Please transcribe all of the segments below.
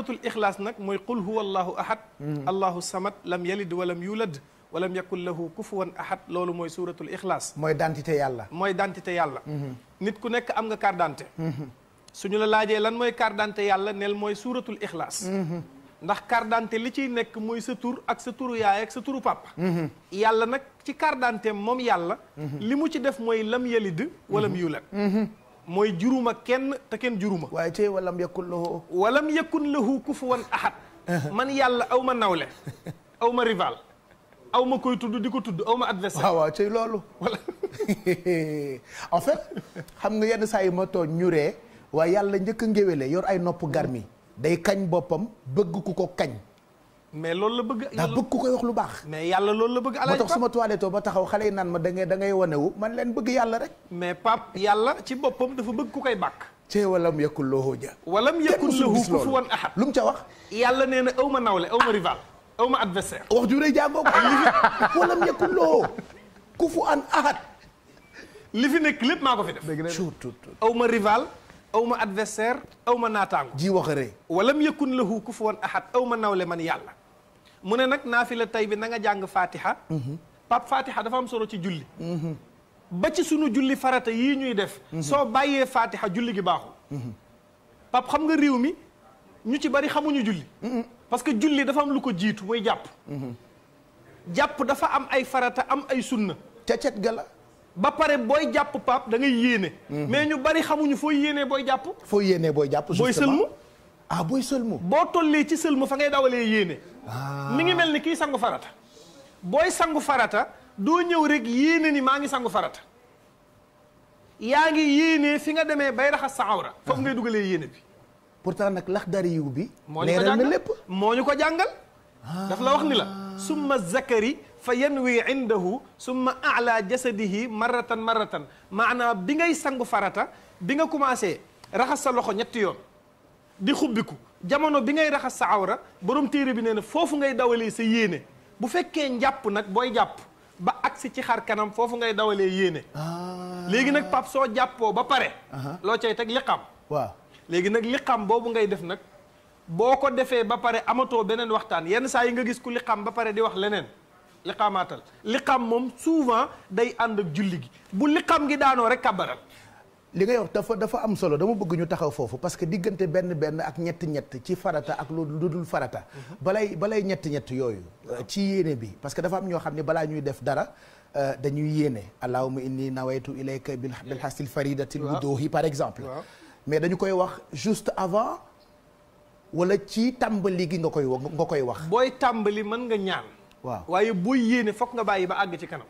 سوره الاخلاص نك موي قل هو الله احد الله الصمد lam يلد walam يولد walam يكن له كفوا احد loolu موي سوره الاخلاص موي دانتيتي يالا موي دانتيتي يالا نيت كو نيك امغا كار دانتي سونو لا لاجي لان موي كار دانتي يالا نيل موي سوره الاخلاص ndax cardante li ciy nek moy sa tour ak sa touru yaay ak sa touru papa yàlla nak ci cardante mom yàlla limu ci def moy lam yalid walam yulad mooy juruma kenn te kenn juruma waaye tey walam yakun lahu walam yakun lahu kufuwan ahad man yàlla aw ma nawle aw ma rival aw ma koy tudd di ko tudd awma ma adversaire waaw waaw tey loolu wala en fait xam nga yenn saa yi ma tooñ ñu ree yàlla njëkk a ngéwéle yor ay nopp garmi day kañ boppam bëgg ku ko kañ mais loolu la bëgg. yàlla bëgg ku koy wax lu baax. mais yàlla loolu la bëgg. alaaji moo tax suma toiletto ba taxaw xale yi naan ma da ngay da ngay wane wu man leen bëgg yàlla rek. mais Pape yàlla ci boppam dafa bëgg ku koy bàkk. cee walam yakul lahu ja. walam yakul lahu kufuwan ahad lu mu ca wax. yàlla nee na aw ma nawle aw ma rival aw ma adversaire. wax ju rëy jàngoo ko walam yakul lahu kufuwan ahad. li fi nekk lépp maa ko fi def. dëgg la aw ma rival. aw ma adversaire aw ma naataango. ji wax a rëy. walam yakun lahu kufuwan ahad aw ma nawle man yàlla mu ne nag naafila tay bi na nga jàng fatiha mhm. pap fatiha dafa am solo ci julli mhm. ba ci sunu julli farata yi ñuy def mhm. soo bàyyee fatiha julli gi baaxul pap xam nga réew mi ñu ci bari xamuñu julli parce que julli dafa am lu ko jiitu mooy jàpp jàpp dafa am ay farata am ay sunna ca ga la ba pare booy jàpp pap da ngay yéene mais ñu bari xamuñu foo yéenee booy jàpp foo yéenee booy jàpp booy sëlmu ah booy sëlmu boo tollee ci sëlmu fa ngay dawalee yéene ah. mi ngi mel ni kii sangu farata booy sangu farata doo ñëw rek yéene ni maa ngi sangu farata yaa ngi yéene fi nga demee bay raxas sa awra foofu ngay dugalee yéene bi pourtant nag yiw bi moo ñu ko jàngal lépp moo ñu ko jàngal ah. daf la wax ni la summa zakari fa yanwi indahu summa ala jasadihi marratan marratan maanaam bi ngay sangu farata bi nga commencé raxas sa loxo ñetti yoon di xubbiku jamono bi ngay raxas sa awra borom téere bi nee na foofu ngay dawalee sa yéene bu fekkee njàpp nag booy jàpp ba agsi ci xar kanam foofu ngay dawalee yéene ah. léegi nag pap soo jàppoo ba pare loo cay teg liqam waaw léegi nag liqam boobu ngay def nag boo ko defee ba pare amatoo beneen waxtaan yenn saa yi nga gis ku liqam ba pare di wax leneen liqamaatal liqam moom souvent day ànd ak julli gi bu liqam gi daanoo rek kabaral li ngay wax dafa dafa am solo dama bëgg ñu taxaw foofu parce que diggante benn benn ak ñett ñett ci farata ak lu dul farata. Mm-hmm. balay balay ñett ñett yooyu. Euh, ci yéene bi parce que dafa am ñoo xam ne balaa ñuy def dara. Euh, dañuy yéene allahumma inni nawaytu ilayka bil hasil faridatil wuduhi par exemple. mais dañu koy wax juste avant wala ci tàmbali gi nga koy nga koy wax. booy tàmbali man nga ñaan. waaw waaye booy yéene fokk nga bàyyi ba àgg ci kanam.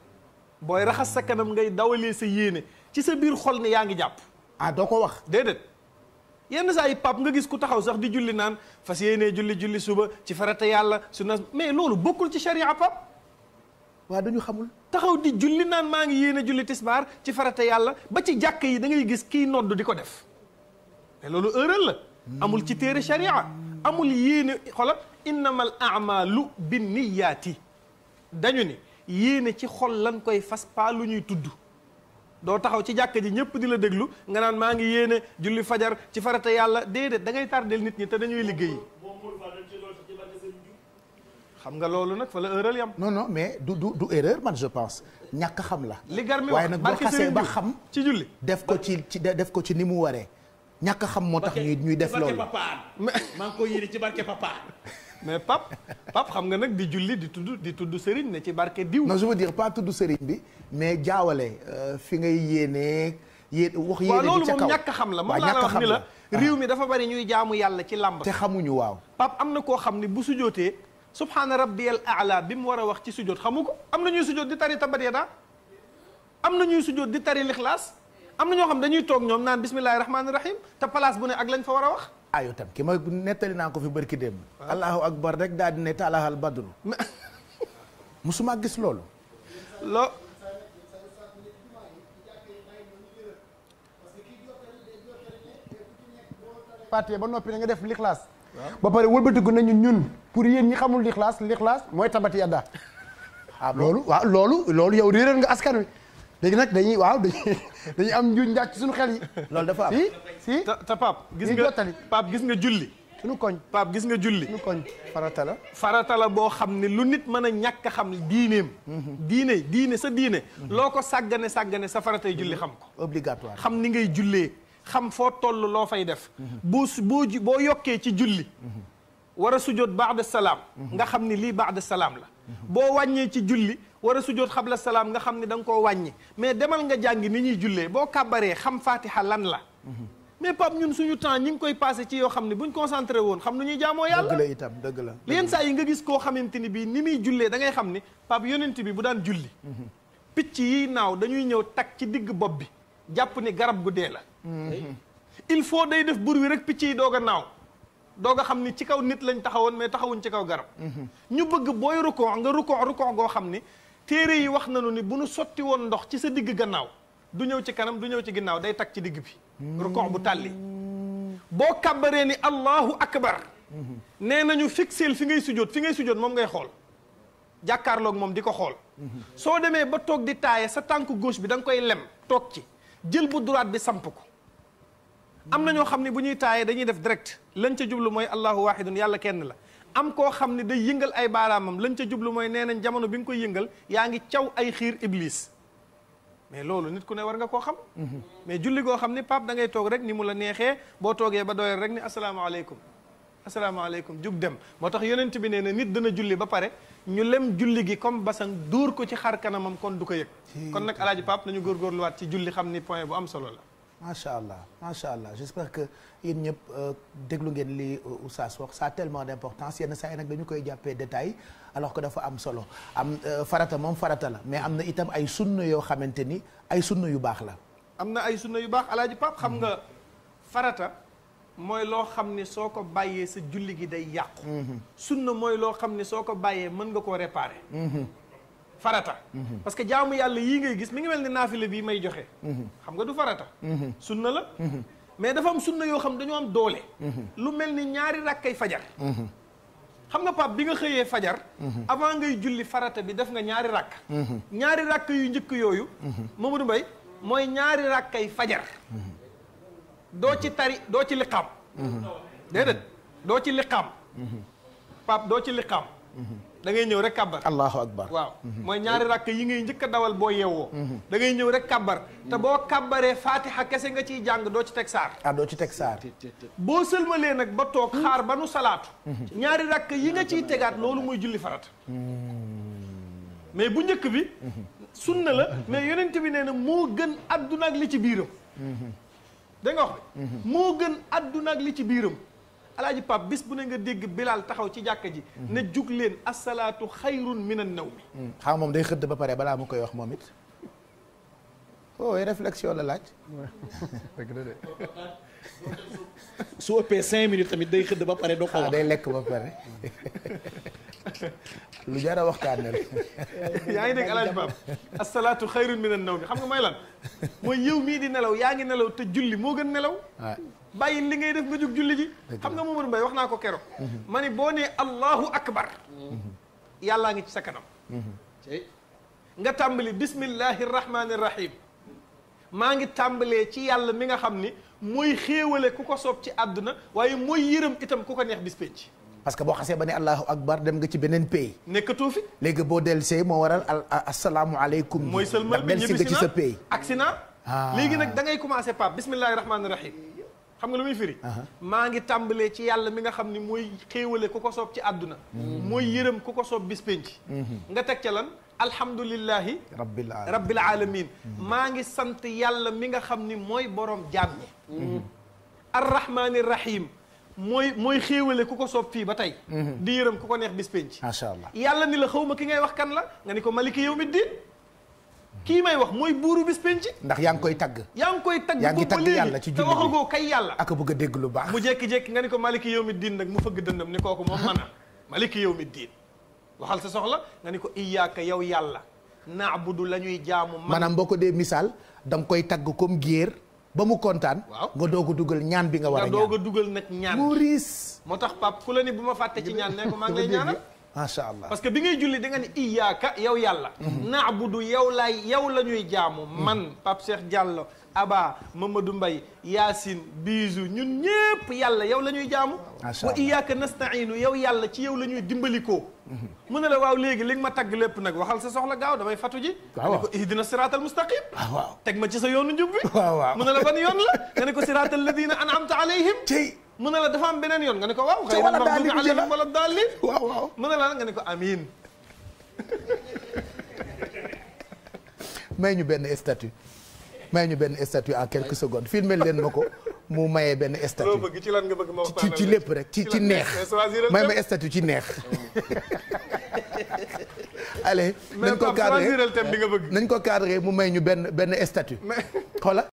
booy raxas sa kanam ngay dawalee sa yéene. ci sa biir xol ne yaa ngi jàpp. ah doo ko wax déedéet. yenn saa yi pap nga gis ku taxaw sax di julli naan fas yéenee julli julli suba ci farata yàlla su na mais loolu bokkul ci sharia pap waa dañu xamul taxaw di julli naan maa ngi yéene julli tisbaar ci farata yàlla ba ci jàkk yi da ngay gis kiy nodd di ko def mais loolu erreur la amul ci téere sharia amul yéene xola innamal amalu binniyaati dañu ni yéene ci xol lan koy fas pa lu ñuy tudd doo taxaw ci jàkka ji ñëpp di la déglu nga naan maa ngi yéene julli fajar ci farata yàlla déedéet da ngay tardeel nit ñi te dañuy liggéey xam nga loolu nag fa la erreur yam non mais du du du erreur man je pense ñàkk xam la. li gar wax waaye nag boo ba xam ci julli. def ko ci ci def ko ci ni mu waree. ñàkk xam moo tax ñuy ñuy def loolu. barke papa maa ngi koy yéene ci barke papa. mais pap pap xam nga nag di julli di tudd di tudd sëriñ ne ci barke diw. non je veux dire pas tudd sëriñ bi mais jaawale fi ngay yéenee yéen wax yéene bi kaw waaw xam la moom laa la wax ni la réew mi dafa bari ñuy jaamu yàlla ci làmb te xamuñu waaw pap am na xam ni bu sujootee subhaana rabbiyal aala bi mu war a wax ci sujoot xamu ko am na ñuy sujoot di tari tabat yadaa am na ñuy sujoot di tari lixlaas am na ñoo xam dañuy toog ñoom naan bismillahi rahmaani rahim ayo tam ki moy netali nako fi barki dem allahu akbar rek dal dina ta taalaa al badru musuma gis loolu lo parti ba nopi nga def l'ikhlas ba pare wëlbatiku na ñun pour yeen ñi xamul l'ikhlas l'ikhlas moy tabati yada ah wa waaw loolu yow reer nga askan wi léegi nag dañuy waaw dañuy am njuñ njàcc suñu xel yi loolu dafa am si gis nga Pape gis nga julli suñu koñ Pape gis nga julli suñu koñ farata la farata la boo xam ne lu nit mën a ñàkk xam diineem mhm. diine sa diine loo ko sàggane sàggane sa faratay julli xam ko obligatoire xam ni ngay jullee xam foo toll loo fay def boo mhm. boo boo yokkee ci julli mhm. war a sujjoot ba'da salaam nga xam ni lii ba'da salaam la boo wàññee ci julli war a sujjoot xabla salaam nga xam ne da nga koo wàññi mais demal nga jàngi ni ñuy jullee boo kàbbaree xam fatiha lan la mais Pape ñun suñu temps ñi ngi koy passé ci yoo xam ne buñ concentré woon xam nu ñuy jaamoo yàlla dëgg la itam dëgg la yenn saa yi nga gis koo xamante ni bii ni muy jullee da ngay xam ni Pape yonent bi bu daan julli picc yi naaw dañuy ñëw tag ci digg bopp bi jàpp ni garab gu dee la il faut day def bur wi rek picc yi doog a naaw doog a xam ni ci kaw nit lañ taxawoon mais taxawuñ ci kaw garab mhm. ñu bëgg booy rukon nga rukon rukon goo xam ni téré yi wax nañu ni buñu soti won ndox ci sa digg gannaaw du ñew ci kanam du ñew ci ginnaw day tak ci digg bi rukuk bu talli bo kabbare ni allahu akbar nee nañu fixeel fi ngay sujud fi ngay sujud mom ngay xol jakarlo ak mom diko xol so demee ba tok di tayé sa tànk gauche bi dang koy lem tok ci jël bu droite bi samp ko amna ño xamni buñuy tayé dañuy def direct lañ ci jublu moy allahu wahidun yalla kenn la am koo xam ne day yëngal ay baaraamam lañ ca jublu mooy nee nañ jamono bi nga koy yëngal yaa ngi caw ay xiir iblis mais loolu nit ku ne war nga koo xam mm-hmm. mais julli goo xam ne pape da ngay toog rek ni mu la neexee boo toogee ba doyal rek ni asalaamaaleykum asalaamaaleykum jug dem moo tax yonent bi nee na nit dana julli ba pare ñu lem julli gi comme basang dóor ko ci xar kanamam kon du ko yëg kon nag alaaji pape nañu góorgóorluwaat ci julli xam ni point bu am solo la macha allah macha allah j'espère que il ñëpp euh, déglu ngeen li euh, Oustaz wax ça tellement d'importance yenn saa yi nag dañu koy jàppee détail alors que dafa am solo am euh, farata moom farata la mais am na itam ay sunna yo xamante ay sunna yu bax la. am ay sunna yu baax alaaji Pape xam nga farata mooy lo xamni soko bayé ko sa julli gi day yaq. Mm-hmm. sunna moy lo xamni soko bayé ko nga ko réparer. Mm-hmm. farata parce que jaamu yàlla yii ngay gis mi ngi mel ni naafile bi may joxe xam nga du farata sunna la mais dafa am sunna yoo xam dañoo am doole lu mel ni ñaari ay fajar xam nga pap bi nga xëyee fajar avant ngay julli farata bi def nga ñaari rakk ñaari rakk yu njëkk yooyu Mamadou Mbaye mooy ñaari rakkay fajar doo ci tari doo ci liqaam déedéet doo ci liqaam pap doo ci liqaam da ngay ñëw rek kàbbar allahu akbar waaw mhm. mooy ñaari rakk yi ngay njëkk a dawal boo yeewoo mhm. da ngay ñëw rek kàbbar te boo kàbbaree fatiha kese nga ciy jàng doo ci teg saar ah doo ci teg saar boo sëlmalee nag ba toog xaar ba nu salaatu mhm. ñaari rakk yi nga ciy tegaat loolu mooy julli farata mais bu njëkk bi sunna la mais yonent bi nee na moo gën adduna ak li ci biiram da nga wax moo gën adduna ak li ci biiram alaaji pap bis bu ne nga dégg Bilal taxaw ci jàkka ji na jug leen asalaatu xayrun an nawmi xam moom day xëdd ba pare balaa mu koy wax moom it oh réflexion la laaj su ëppee 5 minutes tamit day xëdd ba pare do ko wax day lekk ba pare لجارة وقت عنا يعني ديك علاج باب الصلاة خير من النوم حمد ما يلان ما يو ميدي نلو يعني نلو تجلي مو جن نلو باي اللي غير في بدك جلي جي حمد مو مر باي وحنا كو كرو ماني بوني الله أكبر يا الله نج سكنم نعتملي بسم الله الرحمن الرحيم ما نج تملي تي يا الله مين خمني موي خيوله كوكو سوبتي أدنى وعي موي يرم كتم كوكو نيح بسبيتي parce que boo xasee ba ne allahu akbar dem nga ci beneen pays. nekkatoo fi. léegi boo dellusee moo waral asalaamualeykum. mooy sëlmal bi ñibbisi nga ci sa pays. agsi naa. Ah. léegi nag da ngay commencé Pape bismillahi rahmaani rahim. xam nga lu muy firi. maa ngi tàmbalee ci yàlla mi nga xam ni mooy xéewale ku ko soob ci àdduna. Mm-hmm. mooy yërëm ku ko soob bis penc mm-hmm. nga teg ca lan alhamdulilahi. rabbil alamin rabbil alamin mm-hmm. maa ngi sant yàlla mi nga xam ni mooy borom jaam ñi. arrahmaani rahim. Moy, moy xewele kuko sop fi fii ba tey mhm. di yërëm kuko neex bis penc macha allah yàlla ni la xawma ki ngay wax kan la nga ni ko maliki yawmiddin ki may wax moy buru bis pench ndax yang koy tag yang koy tag ko ngi tagg yalla ci julli te kay yalla ak bëgg a lu baax mu jek jek nga ni ko maliki yawmiddin nak mu feug dëndam ni koku mo mën maliki yow waxal sa soxla nga ni ko iyyaka yaw yalla na'budu lañuy jaamu manam boko de misal misaal koy tag comme guerre ba mu kontaan. waaw nga doog dugal ñaan bi nga war a nga doog a dugal nag ñaan mu riis. moo tax Pape ku la ni bu ma fàtte ci ñaan ne ko maa ngi lay ñaanal. macha que bi ngay julli da nga ni iyaaka yow yàlla. Mhm. naabudu yow laay yow la ñuy jaamu. man Pape Cheikh Diallo. Aba Mamadou Mbaye Yacine Bijou ñun ñépp yàlla yow la ñuy jaamu wa iyyaka nasta'inu yow yàlla ci yow la ñuy dimbalikoo mu ne la waaw léegi li ma tagg lépp nag waxal sa soxla gaaw damay fatu ji nga ne ko ihdina siratal mustaqim waaw teg ma ci sa yoonu njub bi waaw waaw mu la ban yoon la nga ne ko siratal ladina an'amta alayhim tey mu ne la dafa am beneen yoon nga ne ko waaw xayril magdubi alayhim wala dallin waaw waaw mu nga ne ko amin ñu benn statut may ñu benn statut en quelques secondes filmel leen ma ko mu mayee benn statut ci lan nga bëgg ma ci ci lépp rek ci ci neex may ma statut ci neex allez nañ ko cadré nañ ko cadré mu may ñu benn benn statut xoola